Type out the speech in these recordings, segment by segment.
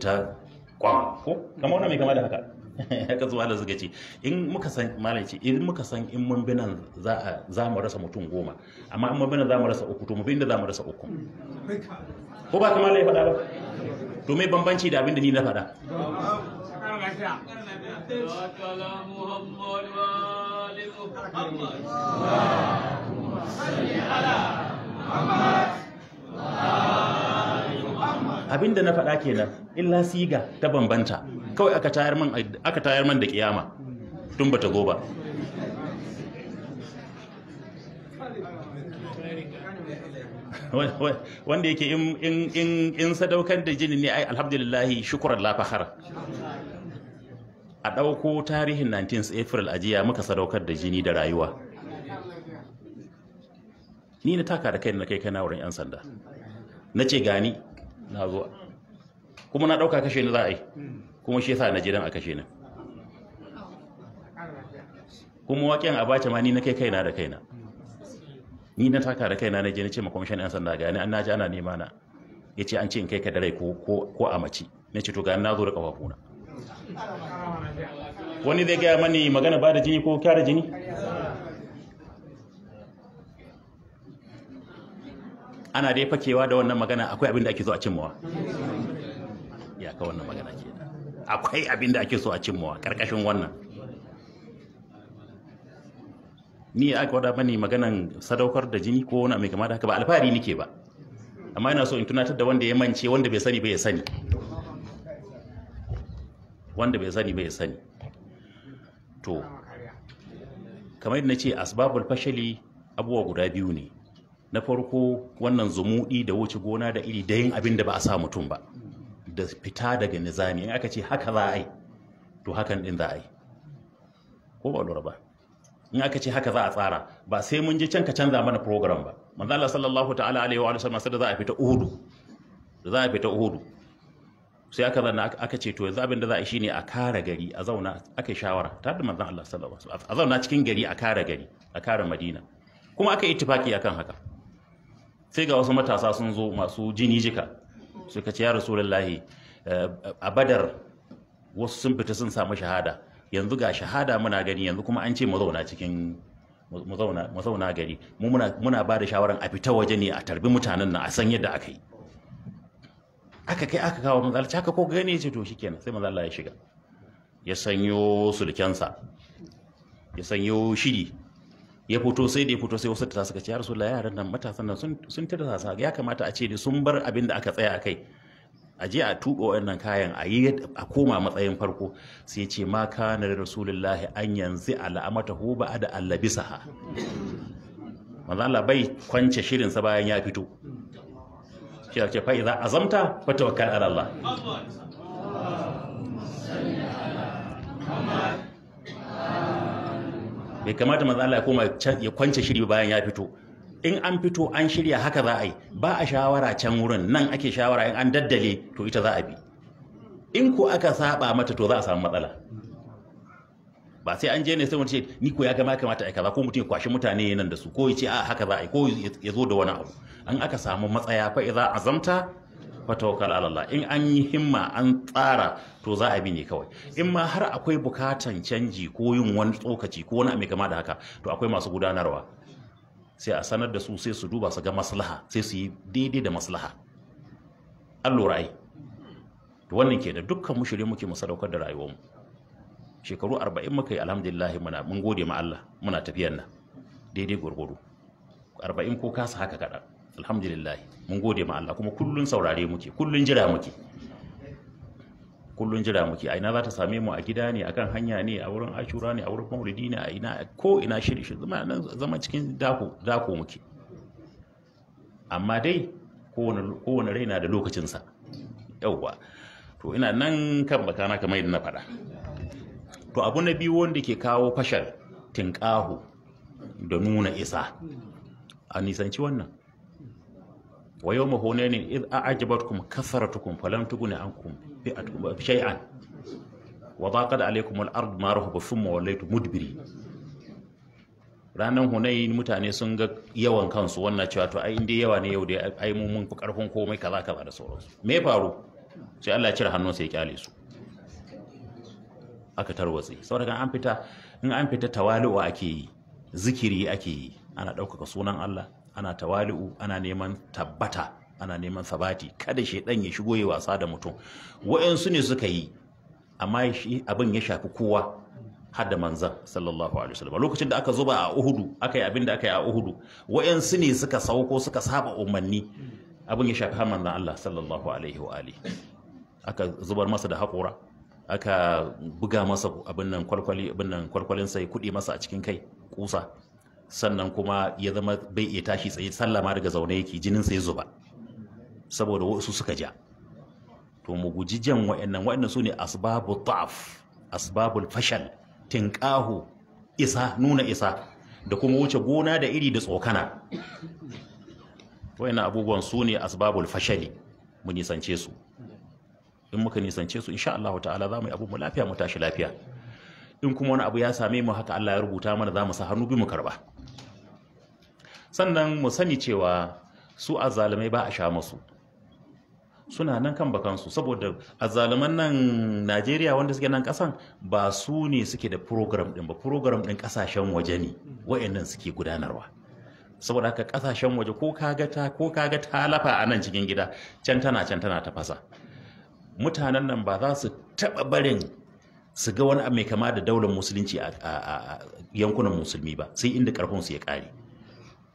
ta kwam ko kamar wannan mai kama da haka haka zuwa da suka ce in muka san malam ce in muka san in mun bi za a za mu rasa mutum goma amma in mun bi za mu rasa uku to mu bi za mu rasa uku ko ba kamar ya faɗa ba to me bambanci da abin da ni na faɗa Allahumma salli ala Muhammad Abin da na faɗa kenan illa siga ta bambanta kawai aka tayar man da kiyama tun ba ta ba wanda yake in sadaukar da jini ne ai alhamdulillahi shukran lafahar a ɗauko tarihin 19 april a jiya muka sadaukar da jini da rayuwa ni na taka da kai na kai kana wurin 'yan sanda na ce gani na zo kuma na ɗauka kashe ni za a yi kuma shi yasa na je a kashe ni kuma waƙen abacha ma ni na kai kaina da kaina ni na taka da kaina na je na ce ma kwamishin 'yan sanda gani an na ji ana nema na ya ce an ce in kai ka da rai ko a mace na ce to gani na zo da ƙafafuna wani zai gaya mani magana ba da jini ko kyara jini ana dai fakewa da wannan magana akwai abin da ake so a cimmawa ya ka wannan magana ke akwai abin da ake so a cimmawa karkashin wannan ni ya aka wada mani maganan sadaukar da jini ko wani mai kama da haka ba alfahari nike ba amma ina so in tunatar da wanda ya mance wanda bai sani bai sani wanda bai sani bai sani to kamar yadda na ce asbabul fashali abubuwa guda biyu ne na farko wannan zumuɗi da wuce gona da iri da yin abin da ba a sa mutum ba da fita daga nizami in aka ce haka za a yi to hakan ɗin za a yi ko ba lura ba in aka ce haka za a tsara ba sai mun je can ka canza mana program ba manzo Allah sallallahu ta'ala alaihi wa sallam sai da za a fita uhudu da za a fita uhudu sai aka zanna aka ce to yanzu abin da za a yi shine a kare gari a zauna aka shawara Ta da manzo Allah sallallahu alaihi wa sallam a zauna cikin gari a kare gari a kare Madina kuma aka yi ittifaki akan haka sai ga wasu matasa sun zo masu jini jika suka ce ya rasu, lallahi eh, a badar wasu sun fita sun samu shahada yanzu ga shahada muna gani yanzu kuma an ce mu cikin mu gari muna ba da shawarar a fita waje ne a tarbi mutanen nan a san yadda aka yi aka kai aka kawo manzo Allah ko gani ce to shikenan sai manzo ya shiga ya sanyo sulkensa ya sanyo shiri ya fito sai da ya fito sai wasu ta suka ce ya yaran nan matasan nan sun tada sa ya kamata a ce da sun bar abin da aka tsaya akai a je a tuɓa wannan kayan a yi a koma matsayin farko sai ce ma kana rasulullahi an yanzu al'amata hu ba da allabisaha ha manzo Allah bai kwance shirin sa bayan ya fito shi ake fa idza azamta tawakkal ala Allah bai kamata manzo Allah ya koma ya kwance shiri bayan ya fito in an fito an shirya haka za a yi ba a shawara can wurin nan ake shawara in an daddale to ita za a bi in ko aka saba mata to za a samu matsala ba sai an je ne sai wani ce ni ko ya gama kamata ai kaza ko mutum ya kwashi mutane nan da su ko ya ce a haka za a yi ko ya zo da wani abu an aka samu matsaya fa a azamta fatawakar Allah in an yi himma an tsara to za a bi ne kawai in ma har akwai bukatan canji ko yin wani tsokaci ko wani mai kama da haka to akwai masu gudanarwa sai a sanar da su sai su duba su ga maslaha sai su yi daidai da maslaha an lura yi da wannan ke da dukkan mushirin muke mu sadaukar da rayuwarmu shekaru 40 muka yi alhamdulillah mun gode ma Allah muna tafiyar na daidai gwargwaro 40 ko kasa haka kaɗan alhamdulillah mun gode ma Allah kuma kullun saurare muke kullun jira muke kullun jira muke a ina za ta same mu a gida ne akan hanya ne a wurin ashura ne a wurin maulidi ne a ina ko ina shiri shiri zama nan zama cikin dako dako muke amma dai kowane kowane rai na da lokacinsa yauwa to ina nan kan bakana kamar yadda na faɗa to abu na biyu wanda ke kawo fashar tinƙaho da nuna isa a nisanci wannan wa yawma hunainin id a'jabatkum kasaratukum falam tughni ankum fi'atukum shay'an wa ka da al-ard ma mudbiri ranan hunain mutane sun ga yawan kansu wannan cewa to ai inda yawa ne yau da ai mu mun karfin komai kaza kaza da sauransu me faru sai Allah ya cire ya kyale su aka tarwatse saboda an fita in an fita tawali'u ake yi zikiri ake yi ana ɗaukaka sunan Allah ana tawali'u ana neman tabbata ana neman sabati kada shaidan ya shigo ya wasa da mutum wa'ansu ne suka yi amma shi abin ya shafi kowa har da manzan sallallahu alaihi wasallam lokacin da aka zuba a uhudu aka yi abin da aka yi a uhudu wayansu ne suka sauko suka saba umarni abin ya shafi har manzan Allah sallallahu alaihi wa ali aka zubar masa da haƙura aka buga masa abin nan kwalkwali abin nan kwalkwalin sai kudi masa a cikin kai kusa sannan kuma ya zama bai iya tashi tsaye sallama daga zaune yake jinin sai zuba saboda wasu suka ja to mu guji jan wa'annan wa'annan sune asbabu ta'af asbabul fashal tinqahu isa nuna isa da kuma wuce gona da iri da tsokana wa'annan abubuwan sune asbabul fashali mu nisance su in muka nisance su insha Allah ta'ala za mu yi abu mu lafiya mu tashi lafiya in kuma wani abu ya same mu haka Allah ya rubuta mana za mu sa hannu bi mu karba sannan mu sani cewa su azzalumai ba a sha masu suna nan kan bakansu saboda azzaluman nan Najeriya wanda suke nan kasan ba su ne suke da program din ba program din kasashen waje ne wayannan suke gudanarwa saboda haka kasashen waje ko kaga ta ko kaga lafa a nan cikin gida can tana can tana ta fasa mutanen nan ba za su taba barin su ga wani mai kama da daular musulunci a yankunan musulmi ba sai inda karfin su ya kare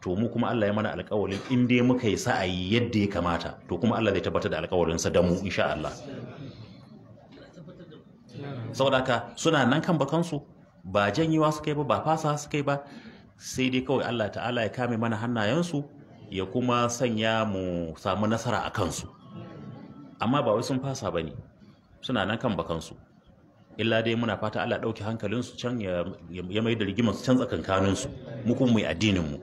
to mu kuma Allah ya mana alƙawarin in dai muka yi sa'ayi yadda ya kamata to kuma Allah zai tabbatar da sa da mu insha Allah saboda haka suna nan kan bakansu ba janyewa suka yi ba ba fasa suka yi ba sai dai kawai Allah ta'ala ya kame mana hannayensu ya kuma sanya mu samu nasara a kansu amma ba wai sun fasa ba ne suna nan kan bakansu illa dai muna fata Allah ɗauki hankalinsu can ya mai da rigimansu can tsakankaninsu mu kuma mai addininmu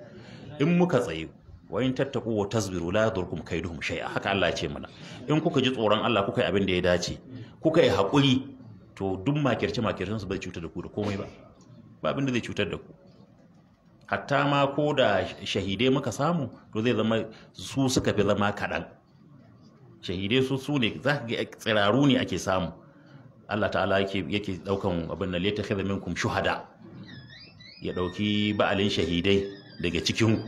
in muka tsaye wa in tattaku wa tasbiru la yadurkum kaiduhum shay'a haka Allah ya ce mana in kuka ji tsoron Allah kuka yi abin da ya dace kuka yi hakuri to duk makirce makircen su bai cutar da ku da komai ba ba abin da zai cutar da ku hatta ma ko da shahidai muka samu to zai zama su suka fi zama kaɗan shahidai su su ne za ka tsiraru ne ake samu Allah ta'ala yake ɗaukan abin da leta khidha minkum shuhada ya ɗauki ba'alin shahidai daga cikinku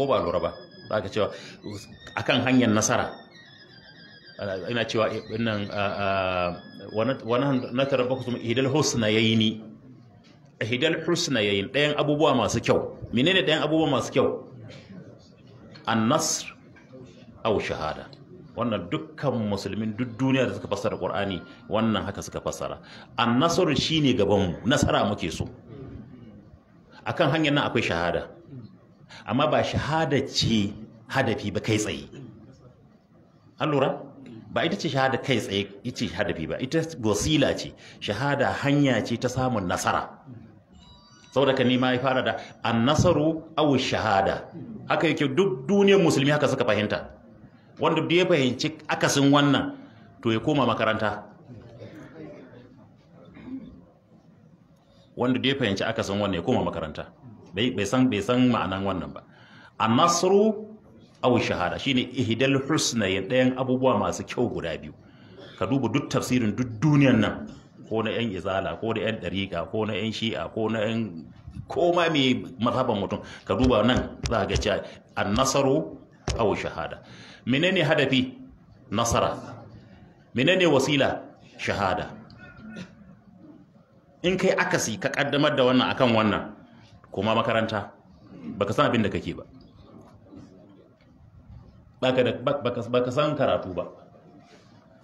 ko ba lura ba za ka cewa akan hanyar nasara ina cewa eh, nan ah, ah, wani na tara baku kuma ihidal husna yi ni hidal husna yi ɗayan abubuwa masu kyau menene ɗayan abubuwa masu kyau an-nasr au shahada wannan dukkan musulmin duk duniya da suka fassara ƙwar'ani wannan haka suka fassara an-nasr shi ne gabanmu, nasara muke so akan hanyar nan akwai shahada amma ba shahada ce hadafi ba kai tsaye an lura ba ita ce shahada kai tsaye ita ce hadafi ba ita wasila ce shahada hanya ce ta samun nasara saboda ka nima ya fara da an nasaru awu shahada haka yake duk duniyar musulmi haka suka fahimta wanda da ya fahimci akasin wannan to ya koma makaranta wanda da ya fahimci aka san wannan ya koma makaranta bai san bai san ma'anan wannan ba annasru aw shahada shine ihdal husnayn ɗayan abubuwa masu kyau guda biyu ka duba duk tafsirin duk duniyar nan ko na yan izala ko na yan Ɗarika, ko na yan shi'a ko na yan koma mai mazhaban mutum ka duba nan za ga cewa annasaru aw shahada menene hadafi nasara menene wasila shahada in kai akasi ka kaddamar da wannan akan wannan kuma makaranta baka san abin da kake ba baka san karatu ba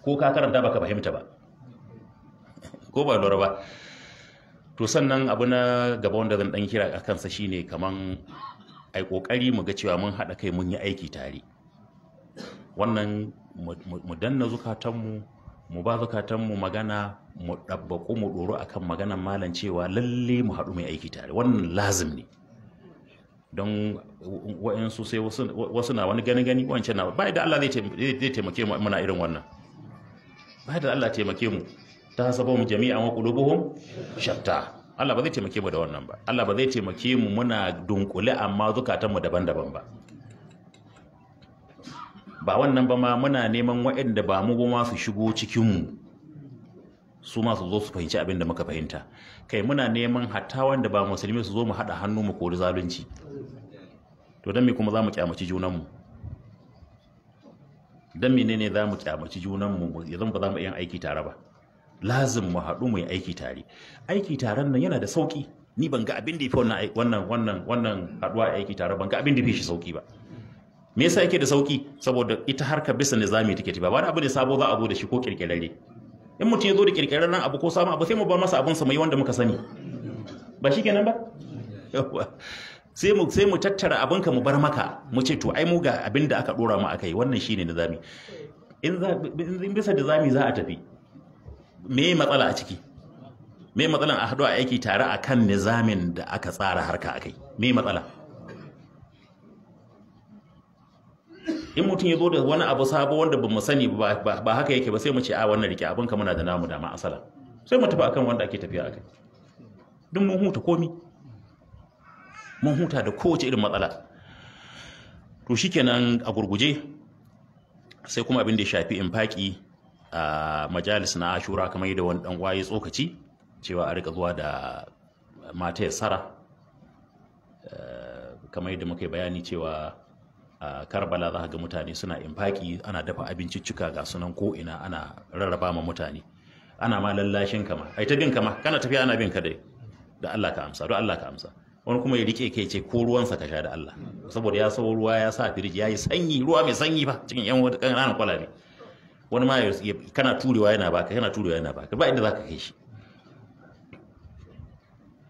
ko ka karanta baka fahimta ba ko ba lura ba to sannan abu na gaba wanda zan dan kira a kansa shine kaman ai kokari mu ga cewa mun haɗa kai mun yi aiki tare wannan mu danna zukatanmu mu ba mu magana mu ɗabbaƙu mu ɗoro akan maganan malam cewa lalle mu haɗu mai aiki tare wannan lazim ne don wa'insu sai wasu na wani gani gani wancan na ba da Allah zai taimake mu muna irin wannan ba da Allah taimake mu ta saba mu jami'a wa qulubuhum shatta Allah ba zai taimake mu da wannan ba Allah ba zai taimake mu muna dunkule amma mu daban-daban ba ba wannan ba ma muna neman waɗanda ba mu goma su shigo cikinmu su ma su zo su fahimci abin da muka fahimta kai muna neman hatta wanda ba musulmi su zo mu haɗa hannu mu kori zalunci to don me kuma za mu kyamaci junanmu don ne za mu kyamaci junanmu ya zama ba za mu yin aiki tare ba lazim mu haɗu mu yi aiki tare aiki taren nan yana da sauƙi ni ban ga abin da ya fi wannan wannan haɗuwa aiki tare ban ga abin da ya fi shi sauƙi ba me yasa yake da sauki saboda ita harka bisa nizami take tafiya ba wani abu ne sabo za a zo da shi ko kirkirarre in mutum ya zo da kirkirarren abu ko samu abu sai mu bar masa abin sa mai wanda muka sani ba shi kenan ba sai mu sai mu tattara abin ka mu bar maka mu ce to ai mu ga abin da aka dora mu akai wannan shine nizami in za in bisa nizami za a tafi me matsala a ciki me matsalan a haɗu a aiki tare akan nizamin da aka tsara harka akai me matsala in mutum ya zo da wani abu sabo wanda ba mu sani ba haka yake ba sai mu ce a wannan rike abin ka muna da namu dama asala sai mu tafi akan wanda ake tafiya kai duk mun huta komi mun huta da kowace irin matsala to shikenan a gurguje sai kuma abin da ya shafi in faki a majalis na ashura kamar yadda wani dan waye tsokaci cewa a rika zuwa da mata ya sara eh, kamar yadda muka yi bayani cewa a karbala za ga mutane suna infaki ana dafa abinciccika ga sunan ko ina ana rarraba ma mutane ana ma lallashin kama ai ta bin kama kana tafiya ana bin ka dai da Allah ka amsa da Allah ka amsa wani kuma ya rike kai ce ko ruwan sa ka sha da Allah saboda ya sau ruwa ya sa firiji ya yi sanyi ruwa mai sanyi ba cikin yan wata ƙananan kwalabe wani ma kana turewa yana baka kana turewa yana baka ba inda za ka kai shi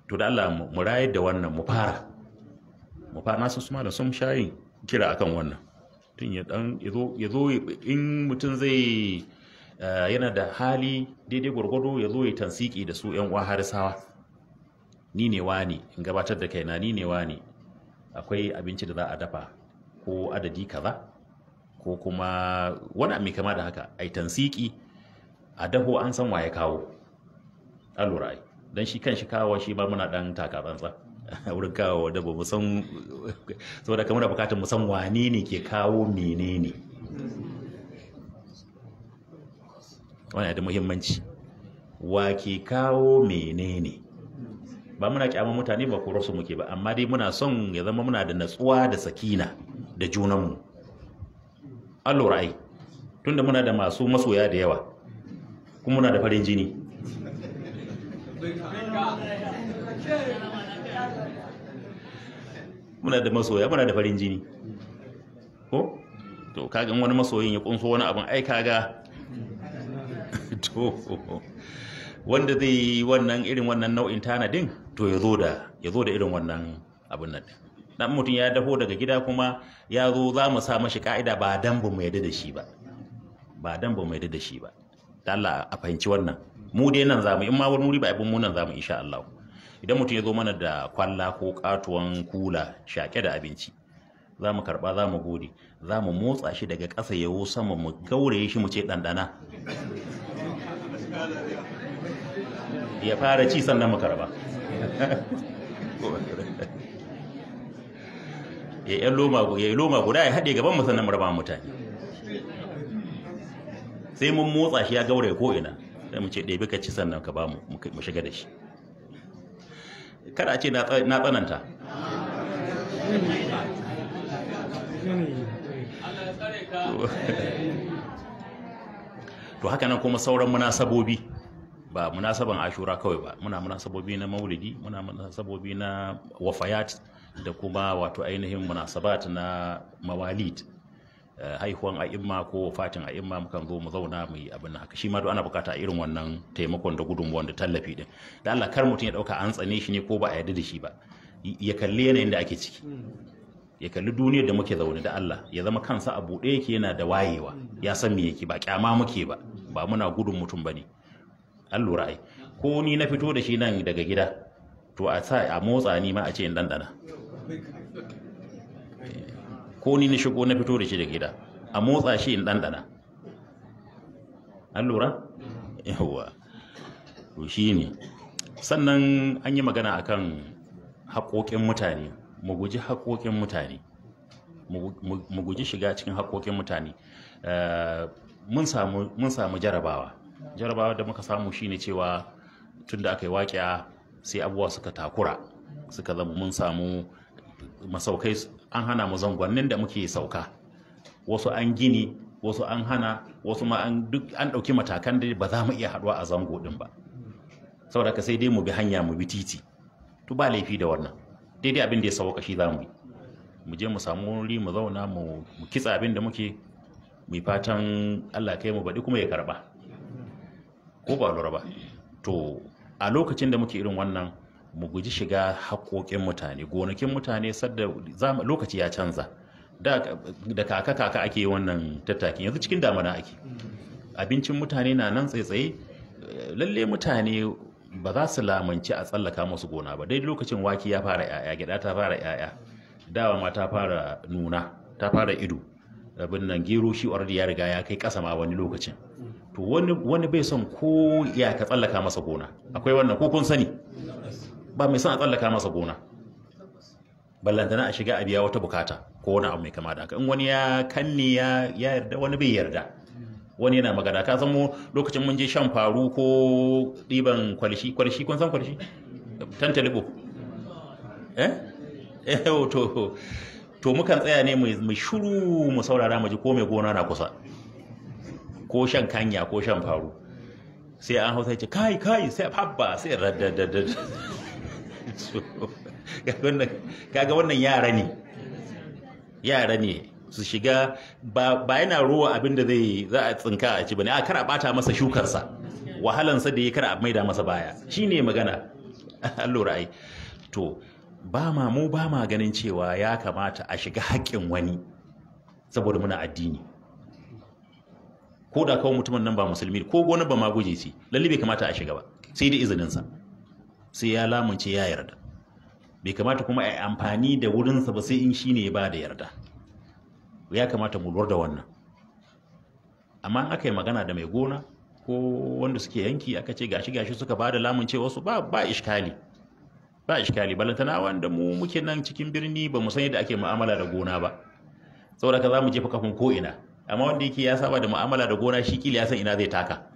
to da Allah mu rayar da wannan mu fara mu fara nasu su malam sun shayin kira akan wannan tun ya dan ya zo in mutum zai eh, yana da hali daidai gwargwado ya zo ya tansiki da su yan uwa sawa ni ne wani in gabatar da kaina ni ne wani akwai abinci da za a dafa ko adadi kaza ko kuma wani mai kama da haka ai tansiki a daho an san waye kawo alurai don shi kan shi kawo shi ba muna dan takatsantsa wurin kawo da ba mu san saboda kamar da mu san wani ne ke kawo menene wani da muhimmanci wa ke kawo menene ba muna kyama mutane ba koro su muke ba amma dai muna son ya zama muna da natsuwa da sakina da junanmu an lura ai tunda muna da masu masoya da yawa kuma muna da farin jini muna da masoya muna da farin jini ko to kaga wani masoyin ya kunso wani abin ai kaga to wanda zai yi wannan irin wannan nau'in tanadin to ya zo da ya zo da irin wannan abin nan dan mutum ya dafo daga gida kuma ya zo za mu sa mashi ka'ida ba dan ba mu yadda da shi ba ba dan ba mu yadda da shi ba Allah a fahimci wannan mu dai nan zamu in ma wani wuri ba abin mu nan zamu insha Allah idan mutum ya zo mana da kwalla ko katuwan kula shaƙe da abinci za mu karɓa za mu gode za mu motsa shi daga ƙasa yawo sama mu gauraye shi mu ce ɗanɗana ya fara ci sannan mu karɓa ya yi loma guda ya haɗe gaban musamman sannan mu mutane sai mun motsa shi ya gauraye ko'ina sai mu ce ɗebi ka ci sannan ka ba mu shiga da shi kada a ce na tsananta to haka nan kuma sauran munasabobi ba munasaban ashura kawai ba muna munasabobi na maulidi muna munasabobi na wafayat da kuma wato ainihin munasabat na mawalid Eh, haihuwan a'imma ko fatin a'imma mukan zo mu zauna mu yi abin haka shi ma duk ana bukata a irin wannan taimakon da gudunmuwan da tallafi din da Allah kar mutum ya dauka an tsane shi ne ko ba a yarda da shi ba ya kalli yanayin da ake ciki ya kalli duniyar da muke zaune da Allah ya zama kansa a buɗe yake yana da wayewa ya san me yake ba kyama muke ba ba muna gudun mutum bane an lura ai ko ni na fito da shi nan daga gida to a sa a motsa ni ma a ce in dandana ko ni na shigo na fito da shi da gida a motsa shi in ɗanɗana an lura yawwa to shi sannan an yi magana akan haƙoƙin mutane mu guji haƙoƙin mutane mu guji shiga cikin haƙoƙin mutane eh, mun samu jarabawa jarabawa da muka samu shine cewa tun da aka yi waƙiya sai abubuwa suka takura suka zama mun samu masaukai an hana mu zangonnin da muke sauka wasu an gini wasu an hana wasu ma an duk ɗauki matakan da ba za mu iya haɗuwa a zango ɗin ba saboda ka sai dai mu bi hanya mu bi titi to ba laifi da wannan daidai abin da ya sauka shi za mu yi mu je mu samu wuri mu zauna mu kitsa abin da muke mu fatan Allah kai mu baɗi kuma ya karɓa ko ba lura ba to a lokacin da muke irin wannan mu guji shiga haƙoƙin mutane gonakin mutane sadda lokaci ya canza da kaka kaka ake yi wannan tattakin yanzu cikin damana ake abincin mutane na nan tsaye lalle mutane ba za su lamanci a tsallaka masu gona ba dai lokacin waki ya fara yaya gida ta fara yaya dawa ma ta fara nuna ta fara ido abin nan gero shi ya riga ya kai kasa ma wani lokacin to wani bai son ko ya ka tsallaka masa gona akwai wannan ko kun sani ba mai son a tsallaka masa gona ballantana a shiga a biya wata bukata ko wani abu mai kama da haka in wani ya kanni ya yarda wani bai yarda wani yana magana ka san mu lokacin mun je shan faru ko ɗiban kwalishi kwalishi kun san kwalshi tantalibo eh eh oh, to to mukan tsaya ne mu shuru mu saurara mu ji ko mai gona na kusa ko shan kanya ko shan faru sai an hausa ce kai kai sai habba sai radadadad Ka kaga wannan yara ne yara ne su shiga ba yana ruwa abinda zai za a tsinka a ci bane a kara bata masa shukarsa wahalansa da ya abu a maida masa baya shi ne magana allura ai to ba ma mu ba ma ganin cewa ya kamata a shiga haƙƙin wani saboda muna addini ko da kawo mutumin nan ba musulmi ko gona ba ma guje ce lalle bai kamata a shiga ba sai da izininsa sai ya lamunce ya yarda bai kamata kuma a yi amfani da wurinsa ba sai in shi ne ya ba da yarda ya kamata mu lura da wannan amma aka yi magana da mai gona ko wanda suke yanki aka ce gashi gashi suka ba da lamunce wasu ba ba iskali ba iskali balantana wanda mu muke nan cikin birni ba mu san yadda ake mu'amala da gona ba saboda ka za mu jefa kafin ko ina amma wanda yake ya saba da mu'amala da gona shi kila ya san ina zai taka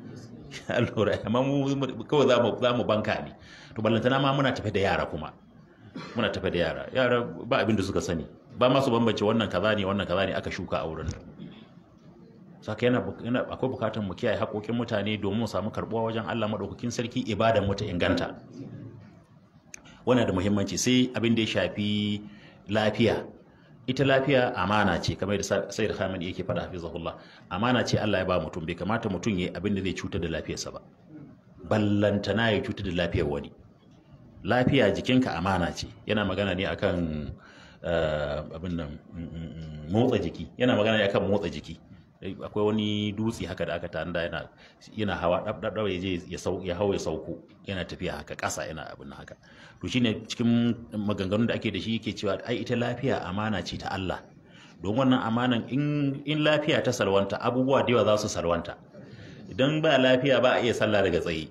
allura amma mu kawai za mu banka ne to ballantana ma muna tafe da yara kuma muna tafe da yara yara ba abin da suka sani ba ma su bambance wannan kaza ne wannan kaza ne aka shuka a wurin saka yana akwai bukatar mu kiyaye haƙoƙin mutane domin mu samu karbuwa wajen Allah madaukakin sarki ibadan mu ta inganta wannan da muhimmanci sai abin da ya shafi lafiya ita lafiya amana ce kamar da sayyid khamin yake fada hafizahullah amana ce Allah ya ba mutum bai kamata mutum yayi abin da zai cutar da lafiyarsa ba ballantana ya cutar da lafiyar wani lafiya jikinka amana ce yana magana ne akan eh, abin nan mm, mm, mm, motsa jiki yana magana ne akan motsa jiki akwai wani dutse haka da aka tanada yana yana hawa dabdabdawa ya je ya hau ya sauko yana tafiya haka ƙasa yana abin haka to shine cikin maganganu da ake da shi yake cewa ai ita lafiya amana ce ta Allah don wannan amanan in lafiya ta salwanta abubuwa da yawa za su salwanta idan ba lafiya ba a iya sallah daga tsaye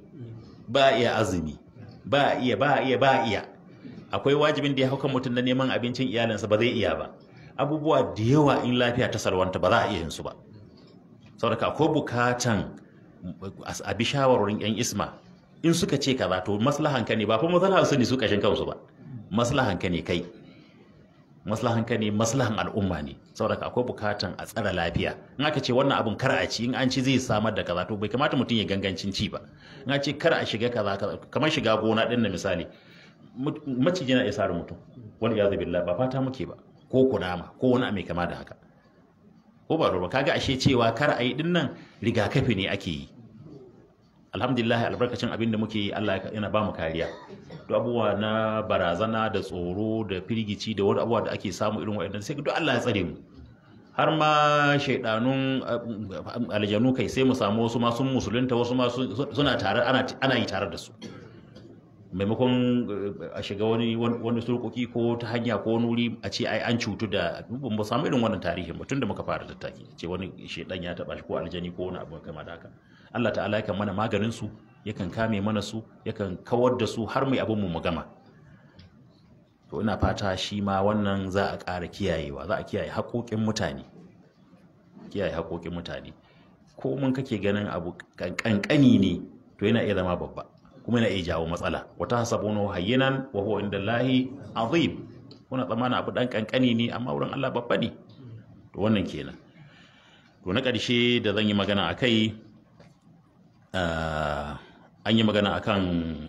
ba a iya azumi ba a iya ba a iya ba a iya akwai wajibin da ya hauka mutum na neman abincin iyalinsa ba zai iya ba abubuwa da yawa in lafiya ta sarwanta ba za a iya yin su ba saboda ko bukatan a bi shawarwarin yan isma in suka ce karatu to maslahan ne ba fa maslahan su ne su kashin kansu ba maslahan ka ne kai maslahan ka ne maslahan al'umma ne saboda akwai bukatan a tsara lafiya in aka ce wannan abun kar a ci in an ci zai samar da kaza to bai kamata mutum ya gangancin ci ba in an ce kar a shiga kaza kamar shiga gona din na misali maciji na iya sare mutum wani ya zabi ba fata muke ba ko kunama ko wani mai kama da haka ko ba kaga ashe cewa kar a yi dinnan rigakafi ne ake yi alhamdulillah albarkacin abin da muke yi Allah yana ba mu kariya duk abubuwa na barazana da tsoro da firgici da wani abubuwa da ake samu irin wa'annan sai duk Allah ya tsare mu har ma shaidanun eh, aljanu kai sai mu samu wasu ma sun musulunta wasu ma suna tare ana yi tare da su maimakon eh, a shiga wani wani surkoki ko ta hanya ko nuri a ce ai an cutu da ba mu samu irin wannan tarihin ba tun da muka fara tattaki ce wani shaidan ya taba shi ko aljani ko wani abu kamar haka Allah ta'ala yakan mana maganin su yakan kame mana su yakan kawar da su har mai abin mu gama to ina fata shi ma wannan za a ƙara kiyayewa za a kiyaye haƙoƙin mutane kiyaye haƙoƙin mutane ko mun kake ganin abu kankani ne to yana iya zama babba kuma yana iya jawo matsala wata hasabuna hayyinan wa huwa indallahi azim kuna tsammanin abu dan kankani ne amma wurin Allah babba ne to wannan kenan to na ƙarshe da zan yi magana akai Eh, an yi magana akan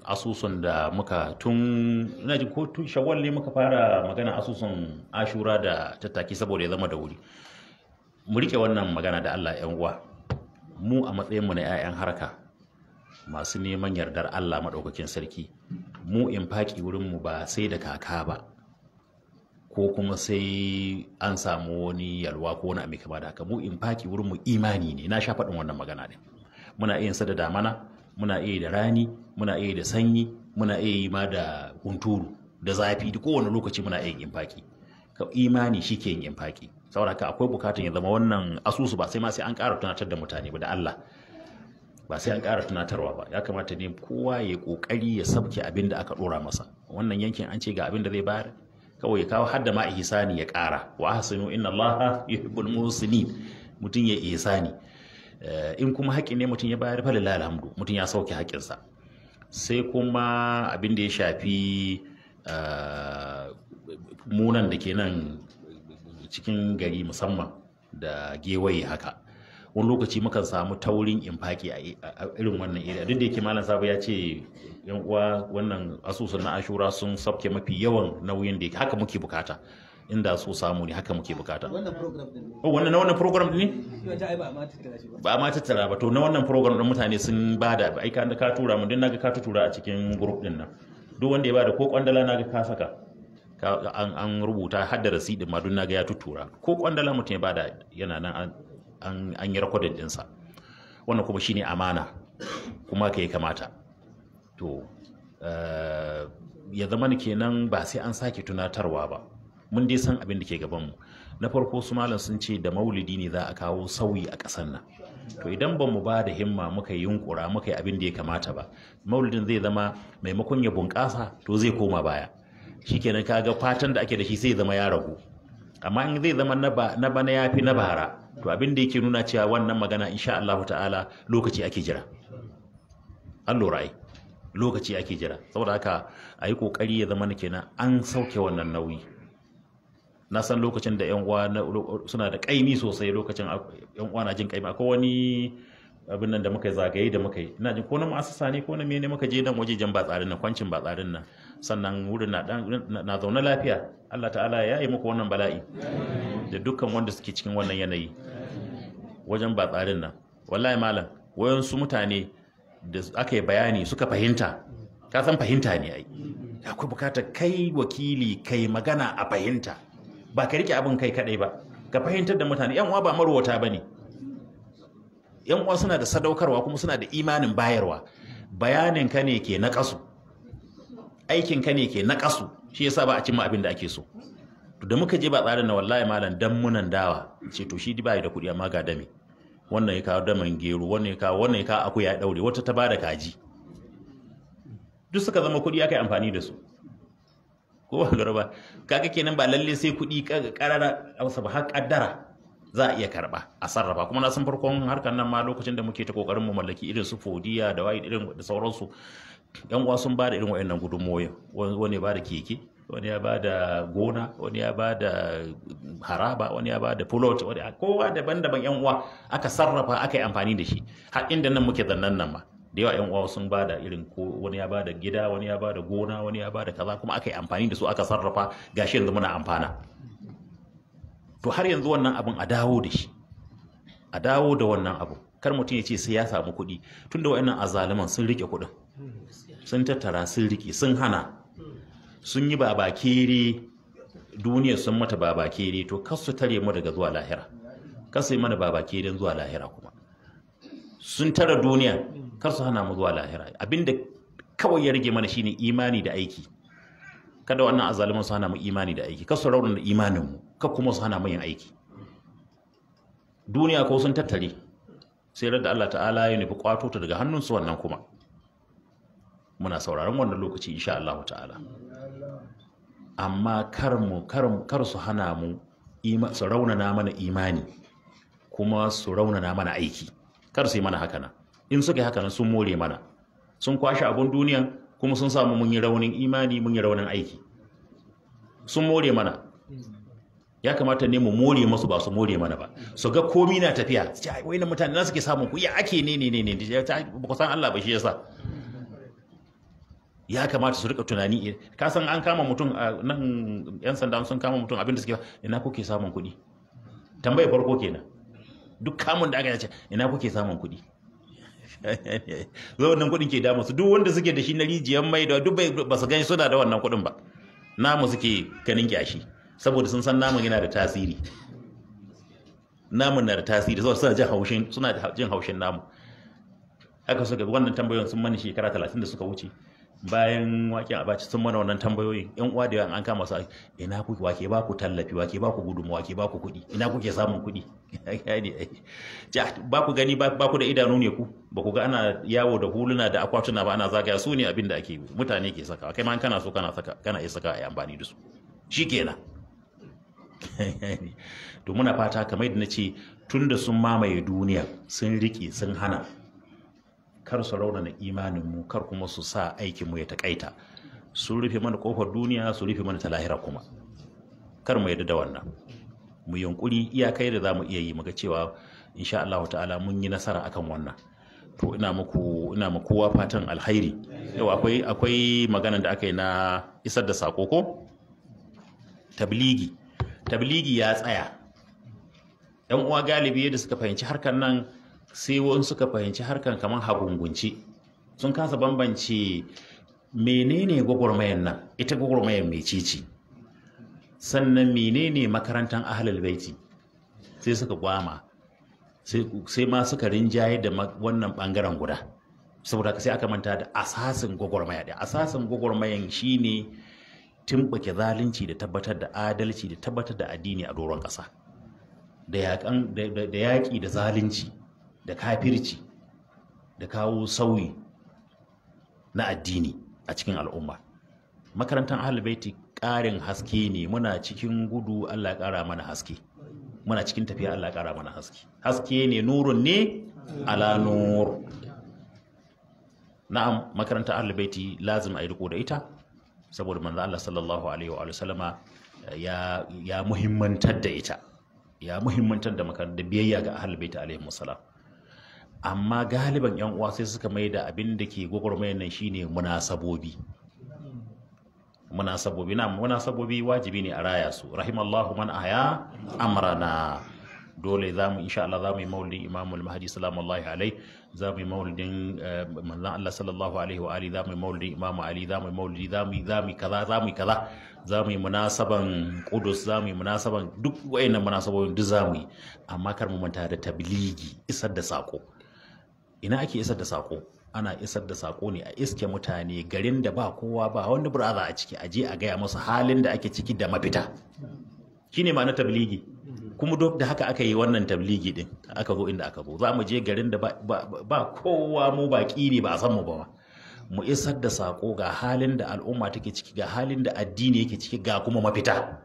asusun da muka tun na ji ko tun shawar ne muka fara magana asusun ashura da tattaki saboda ya zama da wuri mu rike wannan magana da Allah yan uwa mu a matsayin mu na 'ya'yan haraka masu neman yardar Allah maɗaukakin sarki mu in faki wurin mu ba sai da kaka ba ko kuma sai an samu wani yalwa ko wani abu da haka mu in faki wurin mu imani ne na sha faɗin wannan magana ne muna iya sa da damana muna iya da rani muna iya da sanyi muna iya yi ma da hunturu da zafi da kowane lokaci muna iya yin faki imani shi ke yin faki saboda haka akwai bukatun ya zama wannan asusu ba sai ma sai an ƙara tunatar da mutane ba da Allah ba sai an ƙara tunatarwa ba ya kamata ne kowa ya kokari ya sabke abin da aka dora masa wannan yankin an ce ga abin da zai bayar kawai ya kawo har da ma ihsani ya ƙara wa ahsinu inna allaha yuhibbul muhsinin mutum ya ihsani Eh, in kuma haƙƙi ne mutum ya bayar fa lillahi alhamdu mutum ya sauke haƙƙinsa sai kuma abin da ya shafi eh, munan da ke nan cikin gari musamman da gewaye haka wani lokaci mukan samu taurin infaki a irin wannan iri duk da yake malam Sabu ya ce yan uwa wannan asusun na ashura sun sauke mafi yawan nauyin da haka muke bukata inda so samu ne haka muke bukata wannan oh, na wannan program ne ba a ma tattara ba to na wannan program din mutane sun bada ba ai ka ka tura mu din naga ka tura a cikin group din nan duk wanda ya bada ko kwandala naga ka saka an rubuta har da rasidin ma duk naga ya tutura ko kwandala mutum ya bada yana nan an yi din sa wannan kuma shine amana kuma ka yi kamata to eh, ya zama kenan ba sai an sake tunatarwa ba mun dai san abin da ke gabanmu na farko su malam sun ce da maulidi ne za a kawo sauyi a ƙasar nan to idan ba mu ba da himma muka yi yunkura muka yi abin da ya kamata ba maulidin zai zama maimakon ya bunƙasa to zai koma baya shikenan kaga fatan da ake da shi sai zama ya ragu amma in zai zama na bana ya fi na bara to abin da yake nuna cewa wannan magana insha Allah ta'ala lokaci ake jira an lura ai lokaci ake jira saboda haka a yi kokari ya zama na kenan an sauke wannan nauyi na san lokacin da yan uwa suna da kaimi sosai lokacin yan uwa na jin kaimi akwai wani abin nan da muka zagaye da muka yi ina jin ko na ma'asasa ne ko na mene muka je dan jan ba tsarin nan kwancin ba tsarin nan sannan wurin na na zaune lafiya Allah ta'ala ya yi muku wannan bala'i da dukkan wanda suke cikin wannan yanayi wajen ba tsarin nan wallahi malam wasu mutane da aka yi bayani suka fahimta ka san fahimta ne ai akwai bukatar kai wakili kai magana a fahimta ba ka rike abin kai kadai ba ka fahimtar da mutane yan uwa ba marwata bane yan uwa suna da sadaukarwa kuma suna da imanin bayarwa bayanin ka ne ke naƙasu aikin ka ne ke naƙasu shi yasa ba a cimma abin da ake so to da muka je ba tsarin na wallahi malam dan munan dawa ce to shi ba da kuɗi amma ga dame wannan ya kawo daman gero wannan ya kawo wannan ya kawo akuya ya daure wata ta bada kaji duk suka zama kuɗi aka yi amfani da su ko ba lura ba kaga kenan ba lalle sai kuɗi karara wasu ba har kaddara za a iya karɓa a sarrafa kuma na san farkon harkar nan ma lokacin da muke ta kokarin mu mallaki irin su fodiya da wayi irin da sauransu yan uwa sun bada irin wayannan gudunmoyin wani ya bada keke wani ya bada gona wani ya bada haraba wani ya bada pulot wani kowa daban-daban yan uwa aka sarrafa aka yi amfani da shi har inda nan muke zannan nan ma da yawa yan uwa sun bada irin ko wani ya bada gida wani ya bada gona wani ya bada kaza kuma aka yi amfani da su aka sarrafa gashi yanzu muna amfana to har yanzu wannan abin a dawo da shi a dawo da wannan abu kar mutum ya ce sai ya samu kuɗi tunda wa'annan azzaluman sun rike kuɗin sun tattara sun rike sun hana sun yi babakere duniya sun mata babakere to kar su tare mu daga zuwa lahira kar su yi mana babakere zuwa lahira kuma sun tara duniya kar su hana mu zuwa lahira abinda kawai ya rage mana shine imani da aiki kada wannan azaliman su hana mu imani da aiki kar su raunana imanin mu kar kuma su hana mu yin aiki duniya ko sun tattare sai da Allah ta'ala ya nufi kwato ta daga hannunsu wannan kuma muna sauraron wannan lokaci insha Allah ta'ala amma kar mu kar su hana mu su raunana mana imani kuma su raunana mana aiki kar su yi mana haka nan in suka yi haka nan sun more mana sun kwashe abun duniyan kuma sun samu mun yi raunin imani mun yi raunin aiki sun more mana ya kamata ne mu more masu ba su more mana ba su ga komi na tafiya su ai wai mutane na suke samun ku ya ake ne ne ne ne ba ku san Allah ba shi yasa ya kamata su rika tunani ka san an kama mutum nan yan sanda sun kama mutum abinda suke ina kuke samun kuɗi tambayar farko kenan duk kamun da aka yace ina kuke samun kuɗi zo wannan kuɗin ke damu su duk wanda suke da shi na rijiyar mai da duk ba su gani suna da wannan kuɗin ba namu suke ganin kyashi saboda sun san namun yana da tasiri namun na da tasiri saboda suna jin haushin suna jin haushin namu haka suka wannan tambayoyin sun mani shekara 30 da suka wuce bayan waƙin abaci sun mana wannan tambayoyin yan uwa da yawa an kama su ina kuke wake ba ku tallafi wake ba ku gudunmu wake ba ku kuɗi ina kuke samun kuɗi ba ku gani ba ku da idanu ne ku ba ku ga ana yawo da huluna da akwatuna ba ana zagaya su ne abin da ake yi mutane ke saka kai ma kana so kana saka kana iya saka a yi amfani da su shikenan to muna fata kamar yadda na ce tunda sun mamaye duniya sun riƙe sun hana kar su raunana imanin mu kar kuma su sa aikin mu ya takaita su rufe mana kofar duniya su rufe mana ta lahira kuma kar mu yarda da wannan mu yunkuri iyakai da zamu iya yi muga cewa insha Allah ta'ala mun yi nasara akan wannan to ina muku ina muku kowa fatan alkhairi yau akwai akwai maganar da aka yi na isar da sako ko tabligi tabligi ya tsaya Ɗan uwa galibi da suka fahimci harkar nan sai wani suka fahimci harkar kamar hagungunci sun kasa bambance menene gwagwarmayan nan ita gwagwarmayan mai cici sannan menene makarantar ahlul baiti sai suka gwama sai ma suka rinjaye da wannan bangaren guda saboda sai aka manta da asasin gwagwarmaya da asasin gwagwarmayan shine timbake zalunci da tabbatar da adalci da tabbatar da addini a doron ƙasa da yaƙi da zalunci da kafirci da kawo sauyi na addini a cikin al'umma makarantar halibaiti ƙarin haske ne muna cikin gudu allah ƙara mana haske muna cikin tafiya allah ƙara mana haske haske ne nurun ne ala nur na'am makarantar halibaiti lazim a yi riko da ita saboda manzo allah sallallahu alaihi wa sallama ya muhimmantar da ita ya muhimmantar da biyayya ga halibaiti alaihi wasallam amma galiban yan uwa sai suka mai da abin da ke gwagwarmayar nan shine munasabobi munasabobi na munasabobi wajibi ne a raya su rahimallahu man amara amrana dole za mu insha Allah za mu yi maulidin Imam Al-Mahdi sallallahu alaihi za mu yi maulidin eh, manzon Allah sallallahu alaihi wa alihi za mu yi maulidin imamu Ali za mu yi maulidi za mu yi za mu yi kaza za mu yi kaza za mu yi munasaban Qudus za mu yi munasaban duk wayannan munasabobin duk za mu yi amma kar mu manta da tabligi isar da sako ina ake isar da sako ana isar da sako ne a iske mutane garin da ba kowa ba wani brother a ciki aje a gaya musu halin da ake ciki da mafita shine na tabligi kuma duk da haka aka yi wannan tabligi din aka zo inda aka zo za mu je garin da ba kowa mu ba ne ba a san mu ba mu isar da sako ga halin da al'umma take ciki ga halin da addini yake ciki ga kuma mafita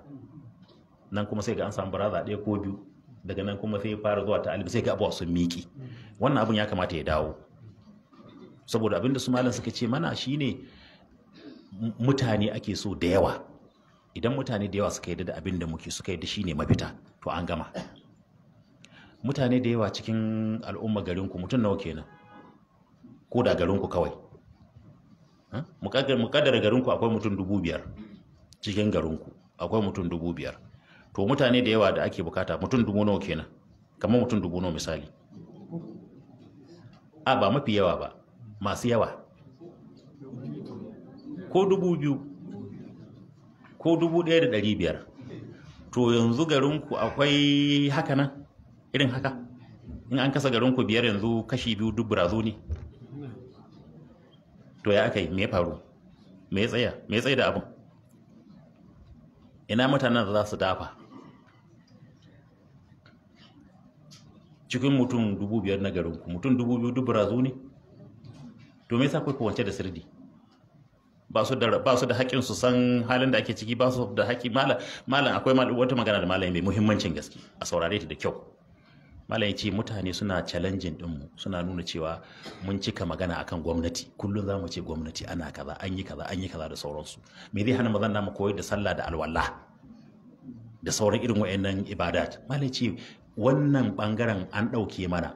nan kuma sai ga an samu brother ɗaya ko biyu daga nan kuma sai fara zuwa ta'alib sai ga abuwa sun miki. wannan abin ya kamata ya dawo saboda abinda su malam suka ce mana shine mutane ake so da yawa idan mutane da yawa suka yi da abin da muke suka yi da ne mafita to an gama mutane da yawa cikin al'umma garinku mutum nawa kenan ko da garinku kawai mukaddara garinku akwai mutum dubu biyar cikin garinku akwai mutum dubu biyar to mutane da yawa da ake bukata mutum dubu nawa kenan kamar mutum dubu nawa misali a ba mafi yawa ba masu yawa ko dubu biyu ko dubu ɗaya da dari biyar to yanzu garinku akwai haka nan irin haka in an kasa garinku biyar yanzu kashi biyu duk burazo ne to ya aka yi me faru me tsaya mai tsaya da abin ina mutanen da za su dafa cikin mutum dubu biyar na garin ku mutum dubu biyu dubu razu ne to me yasa wance da sirdi ba su da haƙƙin su san halin da ake ciki ba su da haƙƙi malam akwai wata magana da malam mai muhimmancin gaske a saurare ta da kyau malam ya ce mutane suna challenging mu suna nuna cewa mun cika magana akan gwamnati kullum za mu ce gwamnati ana kaza an yi kaza an yi kaza da sauransu me zai hana mazan namu koyar da sallah da alwala da sauran irin wayannan ibadat malam ce wannan bangaren an ɗauke mana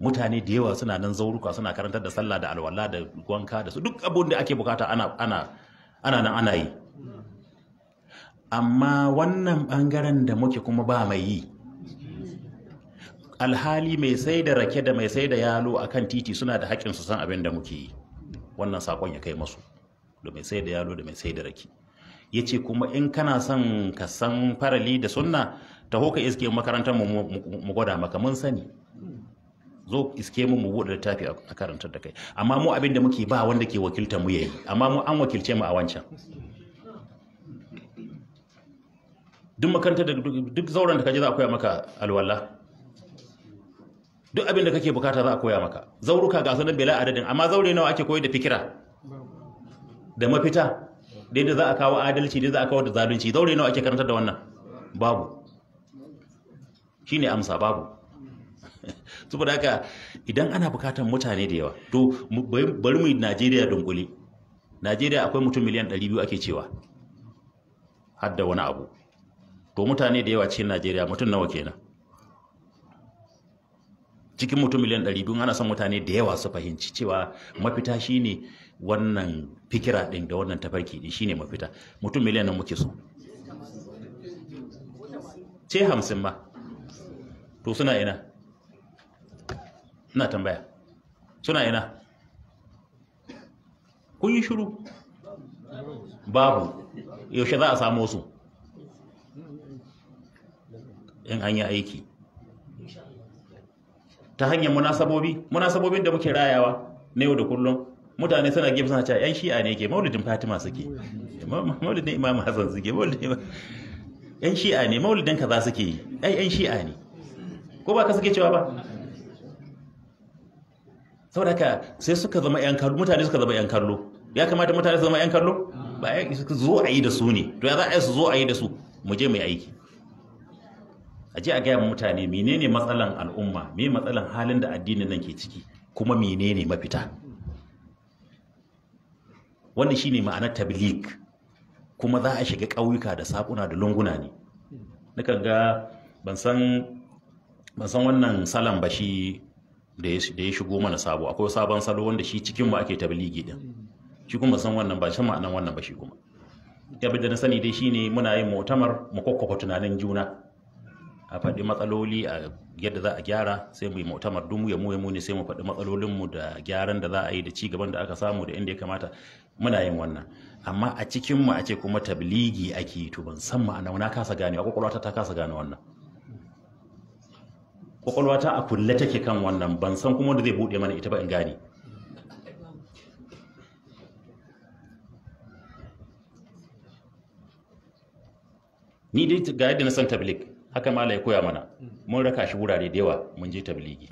mutane da yawa suna nan zauruka suna karantar da sallah da alwala da wanka da su duk abin da ake bukata ana ana nan ana yi amma wannan bangaren da muke kuma ba mai yi alhali mai sai da rake da mai sai da yalo a kan titi suna da haƙƙin su san abin da muke yi wannan sakon ya kai masu da mai sai da yalo da mai sai da rake ya ce kuma in kana son ka san farali da sunna taho ka iske makarantar mu gwada maka mun sani zo iske mu mu buɗe littafi a karantar da kai amma mu abin da muke ba wanda ke wakilta mu yayi amma mu an wakilce mu a wancan duk makarantar da duk zauren da kaje za a koya maka alwala duk abin da kake bukata za a koya maka zauruka ga sanan bela adadin amma zaure nawa ake koyi da fikira da mafita da yadda za a kawo adalci da za a kawo da zalunci zaure nawa ake karantar da wannan babu shine amsa babu saboda haka idan ana bukatar mutane da yawa to bari mu Najeriya dunkule Najeriya akwai mutum miliyan 200 ake cewa har da wani abu to mutane da yawa cikin Najeriya mutum nawa kenan cikin mutum miliyan 200 ana son mutane da yawa su fahimci cewa mafita shine wannan fikira din da wannan tafarki din shine mafita mutum miliyan nan muke so ce hamsin ba. to suna ina ina tambaya suna ina kun yi shiru babu yaushe za a samo su in hanyar aiki ta hanyar munasabobi munasabobin da muke rayawa na yau da kullum mutane suna gefe suna cewa yan shi'a ne ke maulidin fatima suke maulidin imam hassan suke maulidin yan shi'a ne maulidin za suke yi ai yan shi'a ne ko ba ka suke cewa ba saboda haka sai suka zama yan kallo mutane suka zama yan kallo ya kamata mutane su zama yan kallo ba ya suka zo a yi da su ne to ya za a yi su zo a yi da su mu je mai aiki a je a gaya mutane menene matsalan al'umma me matsalan halin da addinin nan ke ciki kuma menene mafita wannan shine ma'anar tabligh kuma za a shiga ƙauyuka da saƙuna da lunguna ne nakan ga ban san ban san wannan salon ba shi da ya shigo mana sabo akwai sabon salo wanda shi cikin ba ake tabligi din shi kuma san wannan ba shi ma'anan wannan ba shi kuma abin da na sani dai shi ne muna yin mu'tamar mu kwakwaka tunanin juna a faɗi matsaloli a yadda za a gyara sai mu yi mu'tamar dumu ya mu ya mu ne sai mu faɗi matsalolinmu da gyaran da za a yi da ci cigaban da aka samu da inda ya kamata muna yin wannan amma a cikin mu a ce kuma tabligi ake to ban san ma'ana na kasa gane a kwakwalwata ta kasa gane wannan kwakwalwata a kulle take kan wannan ban san kuma wanda zai buɗe mana ita ba in gane ni dai ga yadda na san tablik haka mala ya koya mana mun raka shi wurare da yawa mun je tabligi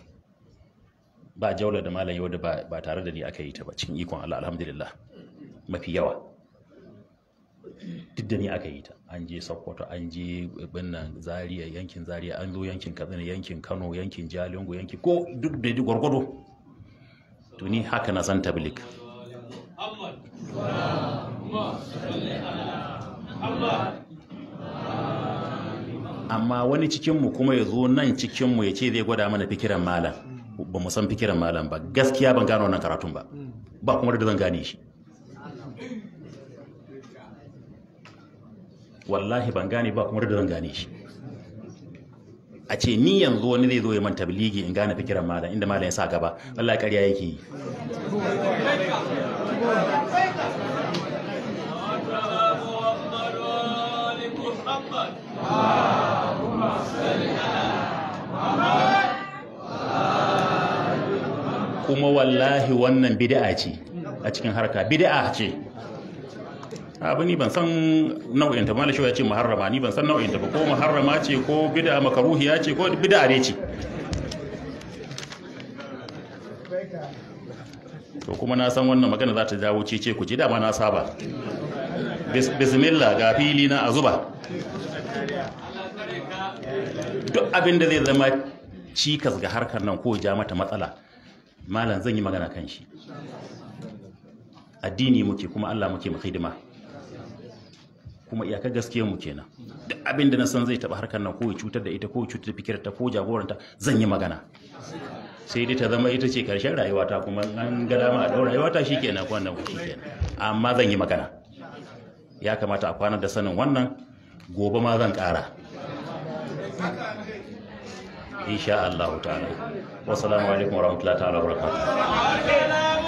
ba jaula da malam yau da ba tare da ni aka yi ta ba cikin ikon Allah alhamdulillah mafi yawa duk da ni aka yi ta an je sokoto an je binnan zaria yankin zaria an zo yankin katsina yankin kano yankin jalingo yankin ko duk da gwargwado to ni haka na san tablik amma wani cikinmu kuma ya zo nan cikinmu ya ce zai gwada mana fikiran malam ba mu san fikiran malam ba gaskiya ban gano wannan karatun ba ba kuma da zan gane shi wallahi ban gane ba kuma da gane shi a ce ni yanzu wani zai zo ya manta biligi in gane fikiran malam inda malam ya sa gaba wallahi ƙarya yake yi kuma wallahi wannan bid'a ce a cikin harka bid'a ce abu ni ban san nau'in ta malam ya ce muharrama ni ban san nau'in ta ba ko muharrama ce ko bid'a makaruhiya ce ko bid'a ne ce to kuma na san wannan magana za ta jawo cece ku ji dama na saba bismillah ga fili na a zuba duk abin da zai zama cikas ga harkar nan ko ja mata matsala malam zan yi magana kan shi addini muke kuma Allah muke mu hidima kuma iyakar gaskiya mu kenan duk abin da na san zai taba harkar nan ko ya cutar da ita ko ya cutar da fikirar ta ko jagoranta zan yi magana sai dai ta zama ita ce karshen rayuwata kuma an ga dama a daura rayuwata shikenan ko wannan shikenan amma zan yi magana ya kamata a kwana da sanin wannan gobe ma zan kara insha Allah ta'ala wassalamu alaikum warahmatullahi ta'ala wabarakatuh